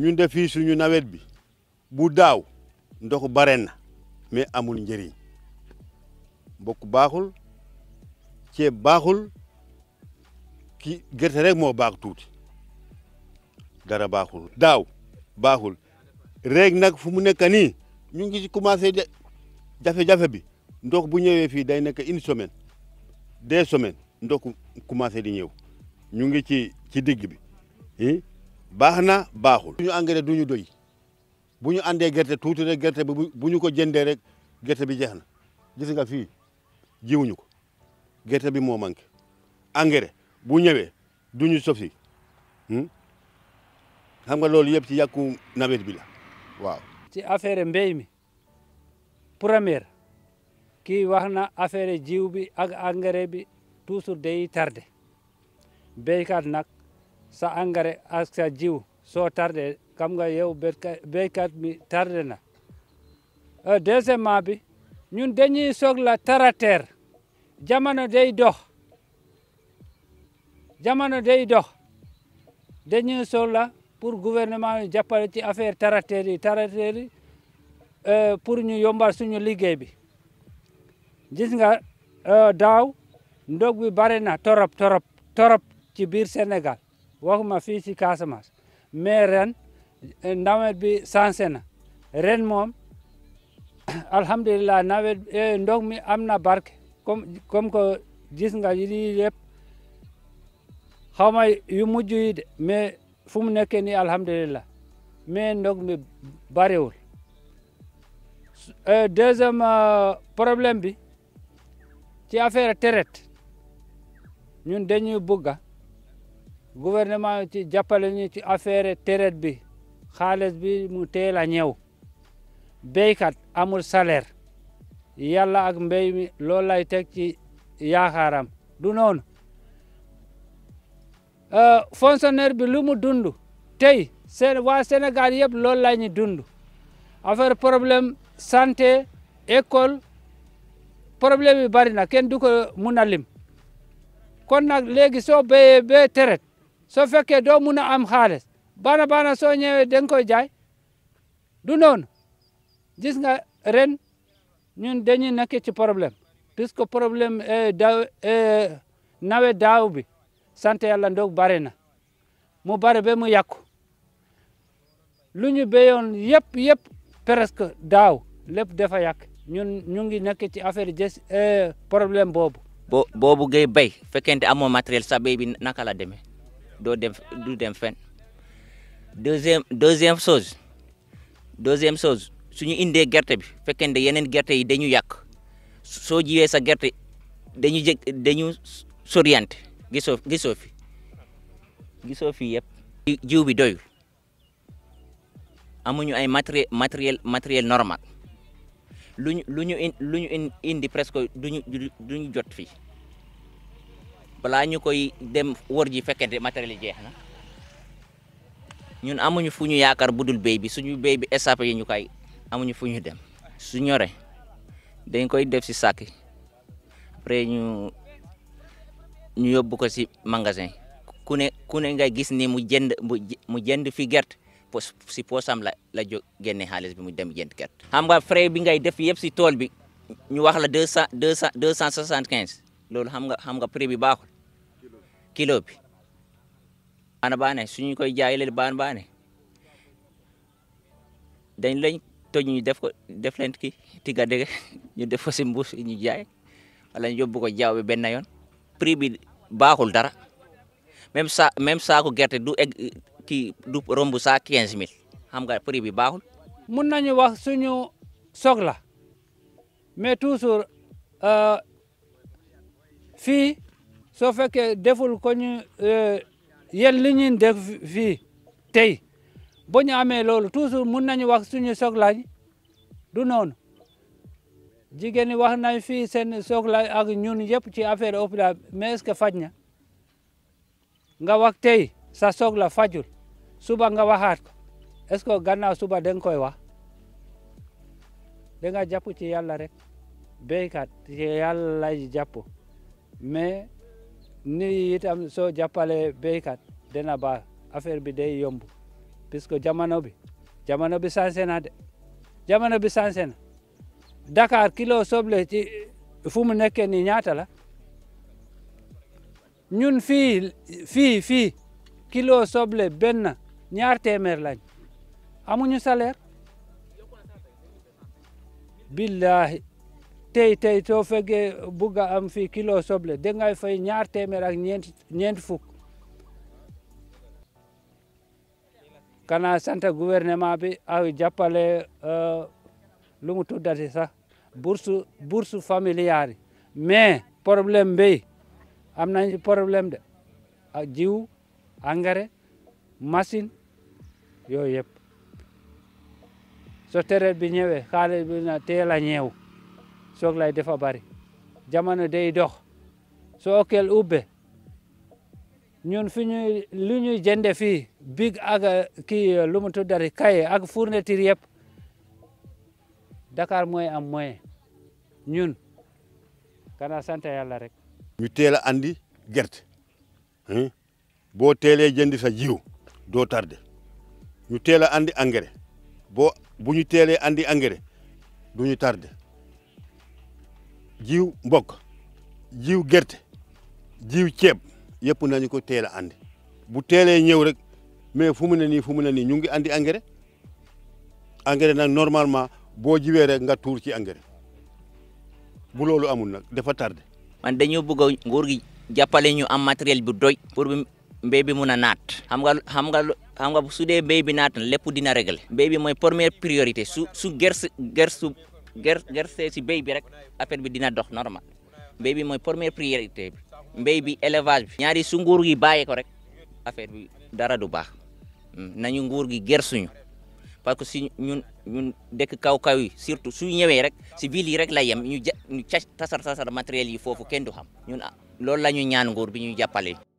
ñun def fii suñu nawet bi bu daaw ndox bare na mais amul njëriñ mbokk baaxul ceeb baaxul ki gerte rek moo baax tuuti dara baaxul daaw baaxul rek nag fu mu nekk nii ñu ngi ci commencé jafe-jafe bi ndox bu ñëwee fii day nekk une semaine deux semaines ndox commencé di ñëw ñu ngi ci ci digg bi baax na baaxul. bu ñu engrais du ñu doy bu ñu àndee gerte tuuti rek gerte bi bu ñu ko jëndee rek gerte bi jeex na gis nga fii jiwuñu ko gerte bi moo manqué engrais bu ñëwee du ñu sofi hmm? xam nga loolu yëpp ci yàqu nawet bi la waaw. ci affaire mbéy mi première kii wax na affaire jiw bi ak engrais bi toujours day tardé béykat nag. sa engrais ak sa jiw soo tardé xam nga yow béykat mi tardé na euh, deuxièmement bi ñun dañuy soxla tracteur jamono day dox jamono day dox dañuy soxla pour gouvernement yi jàppale ci affaire tracteur yi tracteur yi euh, pour ñu yombal suñu liggéey bi gis nga euh, daaw ndog bi bare na torop torop torop ci biir Sénégal waxuma fii ci Casamance mais ren eh, nawet bi sensé na ren moom alhamdulilah nawet eh, ndox mi am na barke comme comme que gis nga lii yëpp yu mujj yi de mais fu mu nekkee nii alhamdulilah mais ndox mi bariwul eh, deuxième euh, problème bi ci affaire teret ñun dañuy bugga gouvernement ci jàppale ñu ci affaire traite bi xaalis bi mu teel a ñëw béykat amul salaire yàlla ak mbéy mi loolu lay teg ci yaakaaram du noonu euh, fonctionnaire bi lu mu dund tey seen waa Sénégal yëpp loolu la ñu dund affaire problème santé école problème yi bari na kenn du ko mun a lim kon nag léegi soo béyee ba traite soo fekkee dow mun a am xaalis bana bana soo ñëwee da nga jaay du noon gis nga ren ñun dañuy nekk ci problème puisque problème eh, daaw eh, nawet daaw bi sant yàlla ndoog bare na mu bare ba mu yàqu lu ñu béyoon yëpp yëpp presque daaw lépp dafa yàq ñun ñu ngi nekk ci affaire des eh, problème boobu. boo boobu ngay béy fekkente amoo matériel sa béy bi naka la demee. doo dem du dem fen deuxième deuxième chose deuxième chose suñu indee gerte bi fekkente yeneen gerte yi dañu yàq soo jiwee sa gerte dañu jëg dañu soriante gisoo gisoo fi gisoo fi yëpp jiw bi doyul amuñu ay matériel matériel matériel normal lu ñu lu ñu in indi presque duñu jot fii balaa ñu koy dem wër ji fekkente matériel yi jeex na ñun amuñu fu ñu yaakaar budul béy bi suñu béy bi échappé yi ñu kay amuñu fu ñu dem su ñoree dañ koy def si sàkki après ñu ñu yóbbu ko si magasin ku ne ku ne nga gis ni mu jënd mu jënd fi gerte pos si poosam la la jóg génne xaalis bi mu dem jënd gerte. xam nga frais bi ngay def yëpp si tool bi ñu wax la deux cent deux cent deux cent soixante quinze loolu xam nga xam nga prix bi baaxul kilo bi baana baane suñu koy jaay leen baan baane dañ lañ toj ñu def ko def leen ki tiga dégg ñu def ko si mbuus ñu jaay wala ñu yóbbu ko jaaw bi benn yoon prix bi baaxul dara même sa même saako gerte du egg kii du romb saa quinze mille xam nga prix bi baaxul mun nañu wax suñu soxla mais toujours euh, fii soo fekkee deful ko ñu euh, yéen li ñuy def fii tey bu ñu amee loolu toujours mun nañu wax suñu soxlaaj du noonu jigéen ñi wax nañ fii seen soxlaaj ak ñun yëpp ci affaire hôpital mais est que faj na nga wax tey sa soxla fajul suba nga waxaat ko est-ce que gannaaw suba da nga koy wax da nga jàpp ci yàlla rek béykat ci yàlla lay jàpp mais ni itam soo jàppale béykat dina ba affaire bi day yomb puisque jamono bi jamono bi sansé na de jamono bi sansé na Dakar kilo soble ci fu mu nii ñaata la ñun fii fii fii kilo soble benn ñaar téeméer lañ amuñu salaire billahi tey tey soo fekkee bugg am fii kilo soble dangay fay ñaar téeméer ak ñeent fuk fukk kana sant gouvernement bi aw jàppale uh, lumu mu tuddati sax bourse bourse familiale mais problème am nañ problème de jiw engrais machine yooyu yëpp so tereet bi ñëwee xaalis bi na teel a ñëw soglay dafa bari jamono day dox soo okel ubbe ñun fi ñuy lu ñuy jënde fi big ak uh, kii uh, lu mu kay kaye ak fourniture yëpp Dakar mooy am moyen ñun kana sant yàlla rek ñu teel a andi gerte boo teelee jëndi sa jiw doo tardé ñu teel a andi engrais boo bu ñu teelee andi engrais du ñu tardé jiw mbokk jiw gerte jiw ceeb yëpp nañu ko teel a andi bu teelee ñëw rek mais fu mu ne nii fu mu ne nii ñu ngi andi engrais engrais nag normalement boo jiwee rek nga tuur ci engrais bu loolu amul nag dafa tardé. man dañoo bëgg a nguur gi jàppale ñu am matériel bu doy pour mbéy bi mun a naat xam nga xam nga xam nga su dee mbéy bi naat na lépp dina réglé. mbéy bi mooy première priorité su su gerte gerte ger gerte si béy bi rek affaire bi dina dox normal mbéy bi mooy première priorité bi mbéy bi élevage bi. ñaari su nguur gi bàyyee ko rek affaire bi dara du baax hmm, nañu nguur gi ger suñu parce que si ñun ñun dëkk kaw-kaw yi surtout su ñëwee rek si ville yi rek lay yem ñu ja ñu tasar tasar matériel yi foofu kenn du xam ñun ah loolu la ñu ñaan nguur bi ñu jàppale.